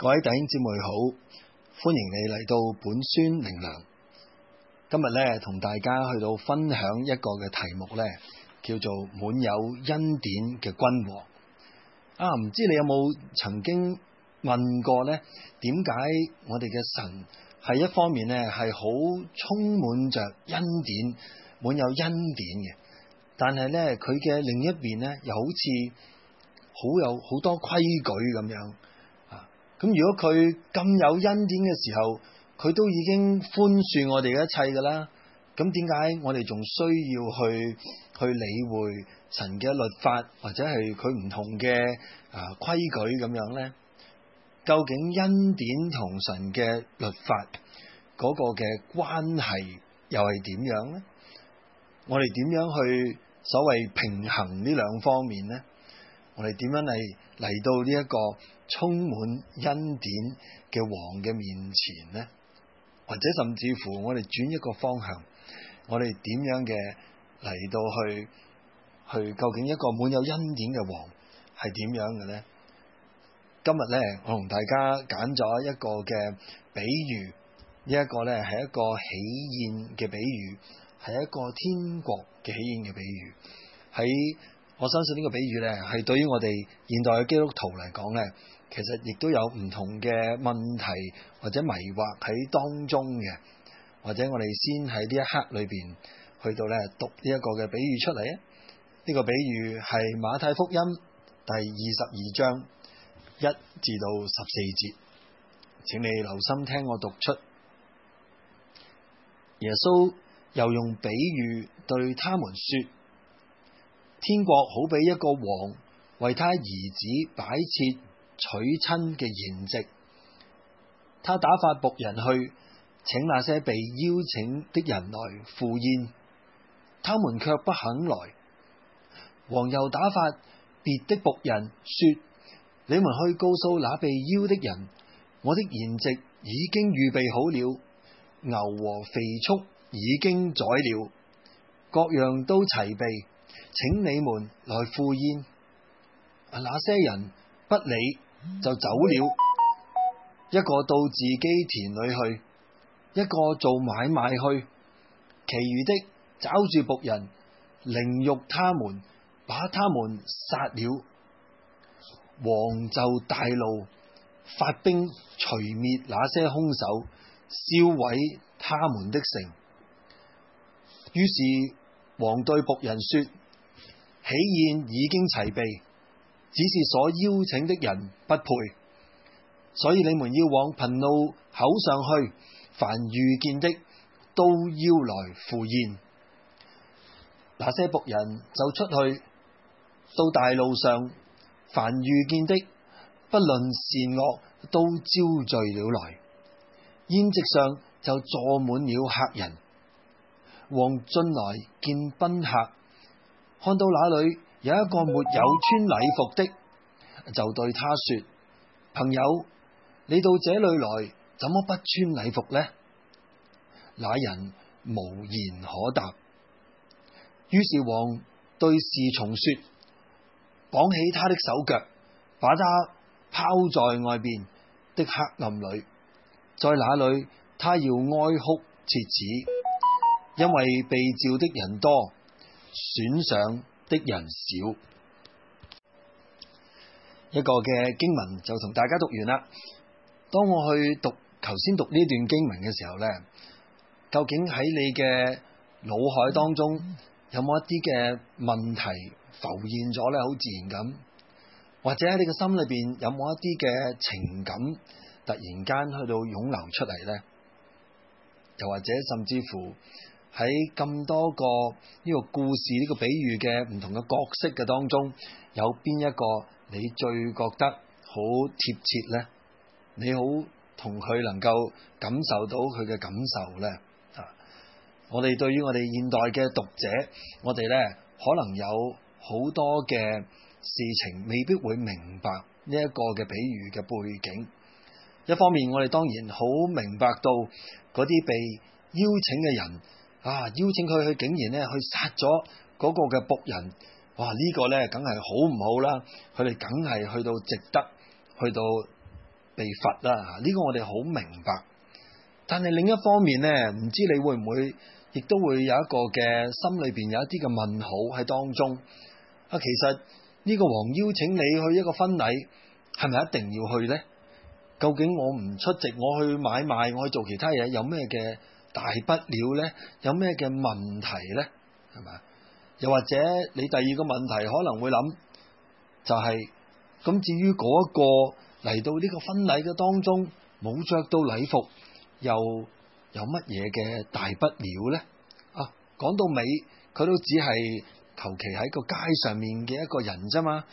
各位弟兄姊妹好，歡迎你嚟到本宣靈糧。今日咧同大家去到分享一個嘅題目咧，叫做滿有恩典嘅君王。啊，唔知你有冇曾經問過咧？點解我哋嘅神係一方面咧係好充滿着恩典，滿有恩典嘅？但係咧佢嘅另一面咧又好似好有好多規矩咁樣。咁如果佢咁有恩典嘅時候，佢都已經寬恕我哋嘅一切噶啦。咁點解我哋仲需要去去理會神嘅律法或者係佢唔同嘅啊、呃、規矩咁樣咧？究竟恩典同神嘅律法嗰、那個嘅關係又係點樣咧？我哋點樣去所謂平衡呢兩方面咧？我哋點樣嚟嚟到呢、這、一個？充滿恩典嘅王嘅面前呢，或者甚至乎我哋轉一個方向，我哋點樣嘅嚟，到去，去究竟一個滿有恩典嘅王係點樣嘅呢？今日呢，我同大家揀咗一個嘅比喻，呢一個呢，係一個喜宴嘅比喻，係一個天國嘅喜宴嘅比喻。喺我相信呢個比喻呢，係對於我哋現代嘅基督徒嚟講呢。其實亦都有唔同嘅問題或者迷惑喺當中嘅，或者我哋先喺呢一刻裏邊去到咧讀呢一個嘅比喻出嚟。呢個比喻係馬太福音第二十二章一至到十四節，請你留心聽我讀出。耶穌又用比喻對他們說：天國好比一個王為他兒子擺設。娶親嘅筵席，他打發僕人去請那些被邀請的人來赴宴，他們卻不肯來。王又打發別的僕人說：你們去告訴那被邀的人，我的筵席已經預備好了，牛和肥畜已經宰了，各樣都齊備，請你們來赴宴。那些人不理。就走了，一個到自己田裏去，一個做買賣去，其餘的找住僕人，凌辱他們，把他們殺了。王就大怒，發兵除滅那些兇手，燒毀他們的城。於是王對僕人說：喜宴已經齊備。只是所邀請的人不配，所以你們要往貧路口上去，凡遇見的都要來赴宴。那些僕人就出去到大路上，凡遇見的，不論善惡，都招聚了來。宴席上就坐滿了客人，王進來見賓客，看到那裏。有一個沒有穿禮服的，就對他說：朋友，你到這裏來，怎麼不穿禮服呢？那人無言可答。於是王對侍從說：綁起他的手腳，把他拋在外邊的黑暗裏，在那裏他要哀哭切齒，因為被召的人多，選上的人少，一個嘅經文就同大家讀完啦。當我去讀頭先讀呢段經文嘅時候呢，究竟喺你嘅腦海當中有冇一啲嘅問題浮現咗呢？好自然咁，或者喺你嘅心裏邊有冇一啲嘅情感突然間去到湧流出嚟呢？又或者甚至乎？喺咁多個呢個故事、呢個比喻嘅唔同嘅角色嘅當中，有邊一個你最覺得好貼切呢？你好同佢能夠感受到佢嘅感受呢？啊！我哋對於我哋現代嘅讀者，我哋呢可能有好多嘅事情未必會明白呢一個嘅比喻嘅背景。一方面，我哋當然好明白到嗰啲被邀請嘅人。啊！邀請佢去，竟然咧去殺咗嗰個嘅僕人，哇！這個、呢個咧梗係好唔好啦，佢哋梗係去到值得，去到被罰啦。呢、這個我哋好明白，但係另一方面呢，唔知你會唔會亦都會有一個嘅心裏邊有一啲嘅問號喺當中。啊，其實呢個王邀請你去一個婚禮，係咪一定要去呢？究竟我唔出席，我去買賣，我去做其他嘢，有咩嘅？大不了呢，有咩嘅問題呢？係咪？又或者你第二個問題可能會諗、就是，就係咁至於嗰一個嚟到呢個婚禮嘅當中冇着到禮服，又有乜嘢嘅大不了呢？啊，講到尾佢都只係求其喺個街上面嘅一個人咋嘛？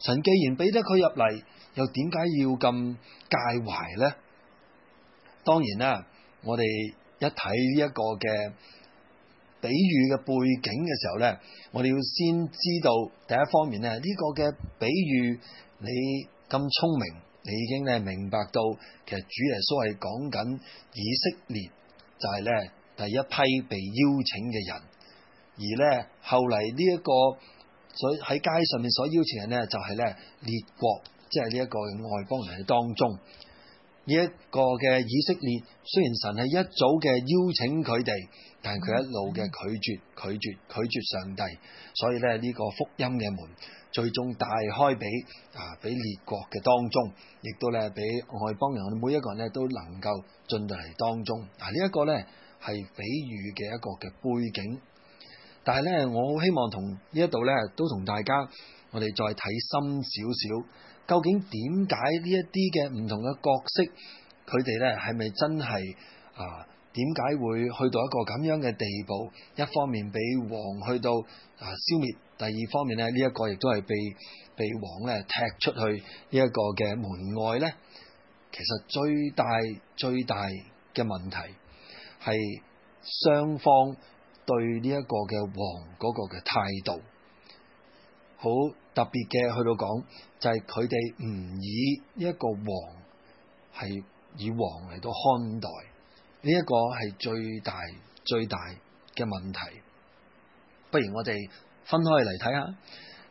神既然俾得佢入嚟，又點解要咁介懷呢？當然啦、啊，我哋。一睇呢一個嘅比喻嘅背景嘅時候咧，我哋要先知道第一方面咧，呢個嘅比喻你咁聰明，你已經咧明白到其實主耶穌係講緊以色列就係咧第一批被邀請嘅人，而咧後嚟呢一個所喺街上面所邀請嘅咧就係咧列國，即係呢一個外邦人嘅當中。呢一個嘅以色列，雖然神係一早嘅邀請佢哋，但佢一路嘅拒絕、拒絕、拒絕上帝，所以咧呢個福音嘅門最終大開俾啊俾列國嘅當中，亦都咧俾外邦人每一個人咧都能夠進到嚟當中。嗱、啊這個、呢一個咧係比喻嘅一個嘅背景，但係咧我好希望同呢一度咧都同大家我哋再睇深少少。究竟點解呢一啲嘅唔同嘅角色，佢哋咧係咪真係啊，點解會去到一個咁樣嘅地步？一方面俾王去到啊消滅，第二方面咧呢一個亦都係被被王咧踢出去呢一個嘅門外咧。其實最大最大嘅問題係雙方對呢一個嘅王嗰個嘅態度。好特別嘅去到講，就係佢哋唔以呢一個王係以王嚟到看待，呢一個係最大最大嘅問題。不如我哋分開嚟睇下。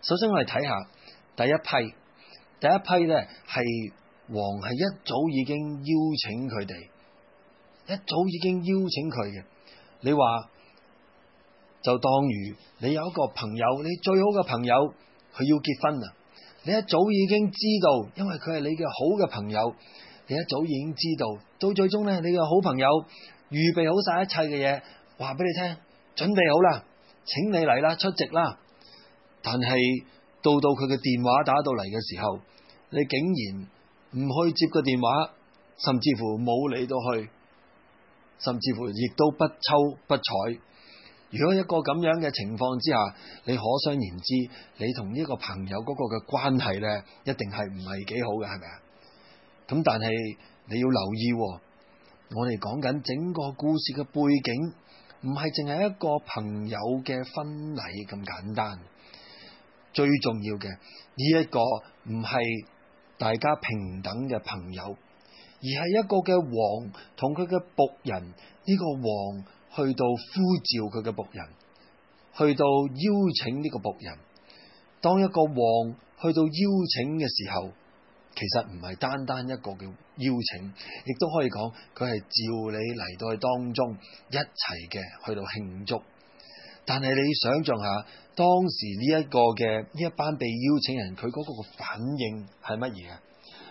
首先我哋睇下第一批，第一批呢係王係一早已經邀請佢哋，一早已經邀請佢嘅。你話？就當如你有一個朋友，你最好嘅朋友，佢要結婚啦。你一早已經知道，因為佢係你嘅好嘅朋友，你一早已經知道。到最終呢，你嘅好朋友預備好晒一切嘅嘢，話俾你聽，準備好啦，請你嚟啦，出席啦。但係到到佢嘅電話打到嚟嘅時候，你竟然唔去接個電話，甚至乎冇理到去，甚至乎亦都不抽不睬。如果一個咁樣嘅情況之下，你可想而知，你同呢個朋友嗰個嘅關係呢，一定係唔係幾好嘅，係咪啊？咁但係你要留意喎，我哋講緊整個故事嘅背景，唔係淨係一個朋友嘅婚禮咁簡單。最重要嘅呢一個唔係大家平等嘅朋友，而係一個嘅王同佢嘅僕人呢個王，去到呼召佢嘅僕人，去到邀請呢個僕人。當一個王去到邀請嘅時候，其實唔係單單一個嘅邀請，亦都可以講佢係照你嚟到當中一齊嘅去到慶祝。但係你想象下，當時呢一個嘅呢一班被邀請人，佢嗰個反應係乜嘢啊？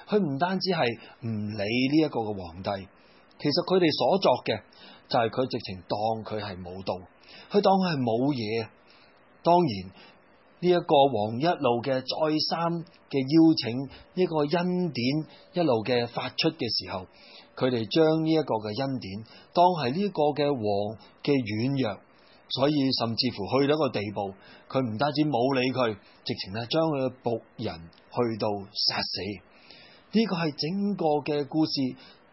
佢唔單止係唔理呢一個嘅皇帝，其實佢哋所作嘅。就係佢直情當佢係冇道，佢當佢係冇嘢。當然呢一個王一路嘅再三嘅邀請，呢個恩典一路嘅發出嘅時候，佢哋將呢一個嘅恩典當係呢個嘅王嘅軟弱，所以甚至乎去到一個地步，佢唔單止冇理佢，直情係將佢嘅僕人去到殺死。呢個係整個嘅故事。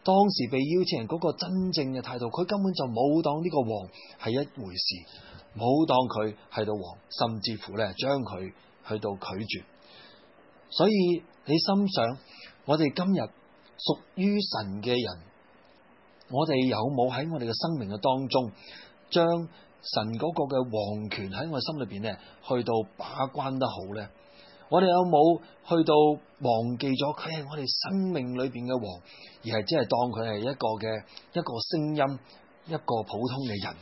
當時被邀請人嗰個真正嘅態度，佢根本就冇當呢個王係一回事，冇當佢係到王，甚至乎咧將佢去到拒絕。所以你心想，我哋今日屬於神嘅人，我哋有冇喺我哋嘅生命嘅當中，將神嗰個嘅王權喺我心裏邊咧，去到把關得好咧？我哋有冇去到忘記咗佢係我哋生命裏邊嘅王，而係即係當佢係一個嘅一個聲音，一個普通嘅人？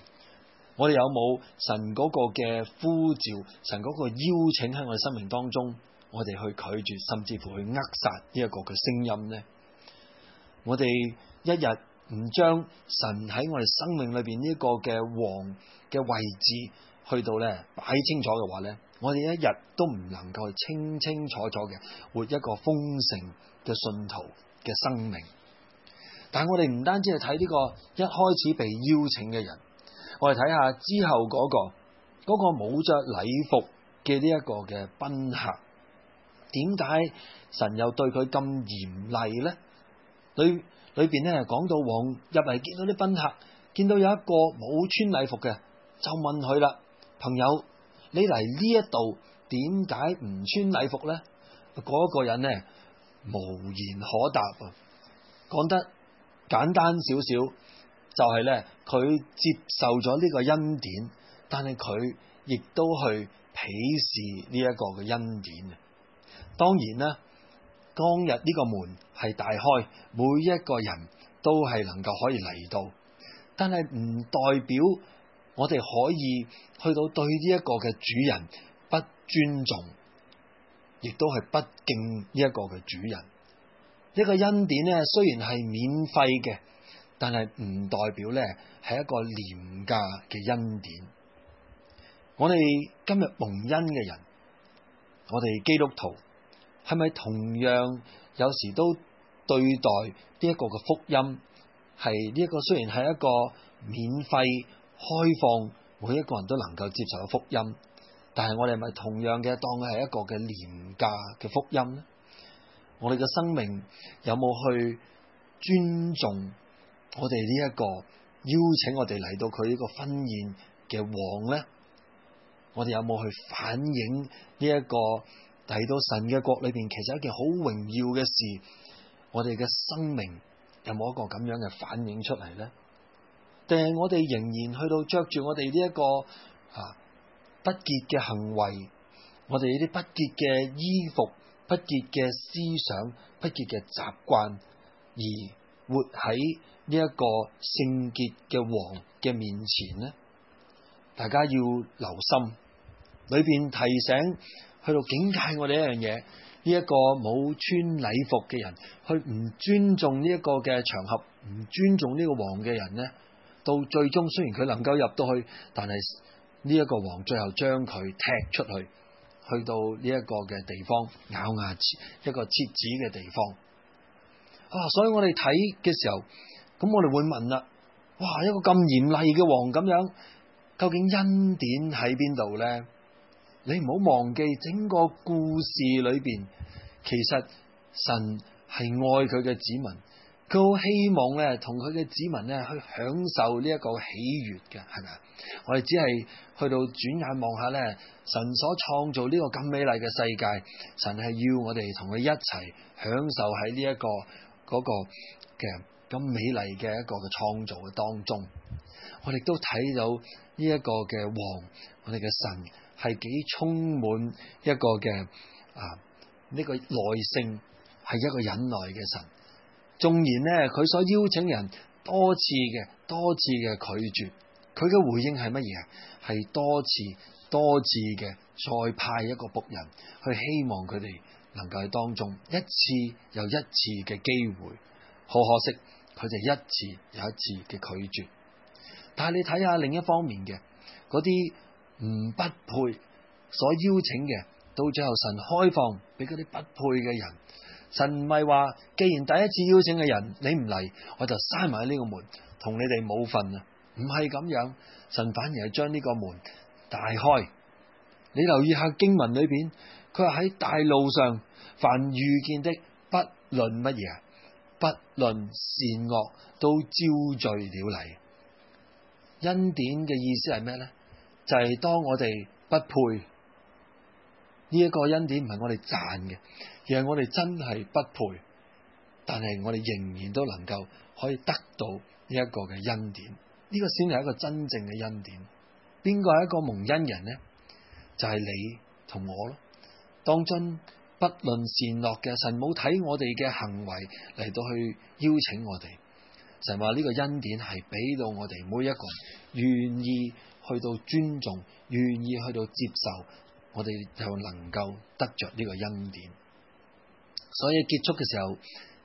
我哋有冇神嗰個嘅呼召，神嗰個邀請喺我哋生命當中，我哋去拒絕，甚至乎去扼殺呢一個嘅聲音呢？我哋一日唔將神喺我哋生命裏邊呢個嘅王嘅位置，去到咧，擺清楚嘅話咧，我哋一日都唔能夠清清楚楚嘅活一個豐盛嘅信徒嘅生命。但係我哋唔單止係睇呢個一開始被邀請嘅人，我哋睇下之後嗰個，嗰個冇着禮服嘅呢一個嘅賓客，點解神又對佢咁嚴厲咧？裏裏邊咧講到王入嚟見到啲賓客，見到有一個冇穿禮服嘅，就問佢啦。朋友，你嚟呢一度，點解唔穿禮服呢？嗰個人呢，無言可答。講得簡單少少，就係呢，佢接受咗呢個恩典，但係佢亦都去鄙視呢一個嘅恩典。當然啦，當日呢個門係大開，每一個人都係能夠可以嚟到，但係唔代表。我哋可以去到對呢一個嘅主人不尊重，亦都係不敬呢一個嘅主人。呢個恩典咧雖然係免費嘅，但係唔代表咧係一個廉價嘅恩典。我哋今日蒙恩嘅人，我哋基督徒係咪同樣有時都對待呢一個嘅福音係呢一個雖然係一個免費？開放每一個人都能夠接受嘅福音，但係我哋咪同樣嘅當係一個嘅廉價嘅福音呢？我哋嘅生命有冇去尊重我哋呢一個邀請我哋嚟到佢呢個婚宴嘅王呢？我哋有冇去反映呢一個提到神嘅國裏邊，其實一件好榮耀嘅事。我哋嘅生命有冇一個咁樣嘅反映出嚟呢？定係我哋仍然去到着住我哋呢一個啊不潔嘅行為，我哋呢啲不潔嘅衣服、不潔嘅思想、不潔嘅習慣，而活喺呢一個聖潔嘅王嘅面前咧，大家要留心裏邊提醒去到警戒我哋一樣嘢，呢一個冇穿禮服嘅人，去唔尊重呢一個嘅場合，唔尊重呢個王嘅人咧。到最終，雖然佢能夠入到去，但係呢一個王最後將佢踢出去，去到呢一個嘅地方咬牙切一個切子嘅地方啊！所以我哋睇嘅時候，咁我哋會問啦，哇，一個咁嚴厲嘅王咁樣，究竟恩典喺邊度呢？你唔好忘記整個故事裏邊，其實神係愛佢嘅子民。佢好希望咧，同佢嘅子民咧去享受呢一個喜悅嘅，係咪啊？我哋只係去到轉眼望下咧，神所創造呢個咁美麗嘅世界，神係要我哋同佢一齊享受喺呢一個嗰個嘅咁美麗嘅一個嘅創造嘅當中。我哋都睇到呢一個嘅王，我哋嘅神係幾充滿一個嘅啊，呢個耐性係一個忍耐嘅神。縱然呢，佢所邀請人多次嘅，多次嘅拒絕，佢嘅回應係乜嘢啊？係多次多次嘅再派一個僕人去，希望佢哋能夠喺當中一次又一次嘅機會，好可惜佢哋一次又一次嘅拒絕。但係你睇下另一方面嘅嗰啲唔不配所邀請嘅，到最後神開放俾嗰啲不配嘅人。神唔係話，既然第一次邀請嘅人你唔嚟，我就閂埋呢個門，同你哋冇份啊！唔係咁樣，神反而係將呢個門大開。你留意下經文裏邊，佢話喺大路上凡遇見的，不論乜嘢，不論善惡，都招罪了嚟招聚。恩典嘅意思係咩呢？就係、是、當我哋不配。呢一個恩典唔係我哋賺嘅，而係我哋真係不配，但係我哋仍然都能夠可以得到呢一個嘅恩典，呢、這個先係一個真正嘅恩典。邊個係一個蒙恩人呢？就係、是、你同我咯。當真不論善惡嘅，神冇睇我哋嘅行為嚟，到去邀請我哋。神話呢個恩典係俾到我哋每一個人願意去到尊重，願意去到接受。我哋就能夠得着呢個恩典，所以結束嘅時候，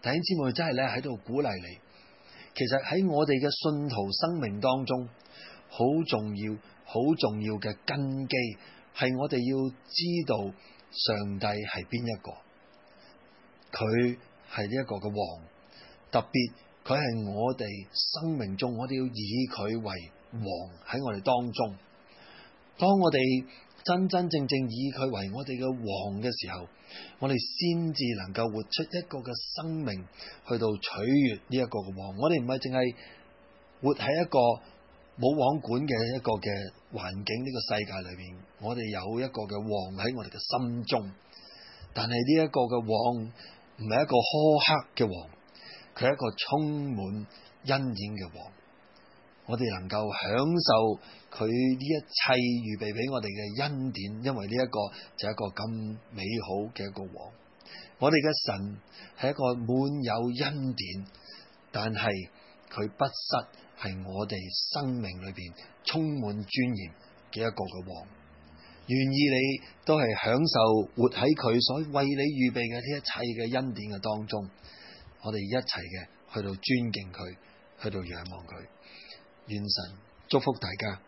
弟兄姊妹真係咧喺度鼓勵你。其實喺我哋嘅信徒生命當中，好重要、好重要嘅根基係我哋要知道上帝係邊一個，佢係呢一個嘅王，特別佢係我哋生命中，我哋要以佢為王喺我哋當中。當我哋。真真正正以佢為我哋嘅王嘅時候，我哋先至能夠活出一個嘅生命，去到取悦呢一個嘅王。我哋唔係淨係活喺一個冇王管嘅一個嘅環境呢個世界裏邊，我哋有一個嘅王喺我哋嘅心中。但係呢一個嘅王唔係一個苛刻嘅王，佢係一個充滿恩典嘅王。我哋能夠享受佢呢一切預備俾我哋嘅恩典，因為呢一個就係一個咁美好嘅一個王。我哋嘅神係一個滿有恩典，但係佢不失係我哋生命裏邊充滿尊嚴嘅一個嘅王。願意你都係享受活喺佢所為你預備嘅呢一切嘅恩典嘅當中，我哋一齊嘅去到尊敬佢，去到仰望佢。願神祝福大家。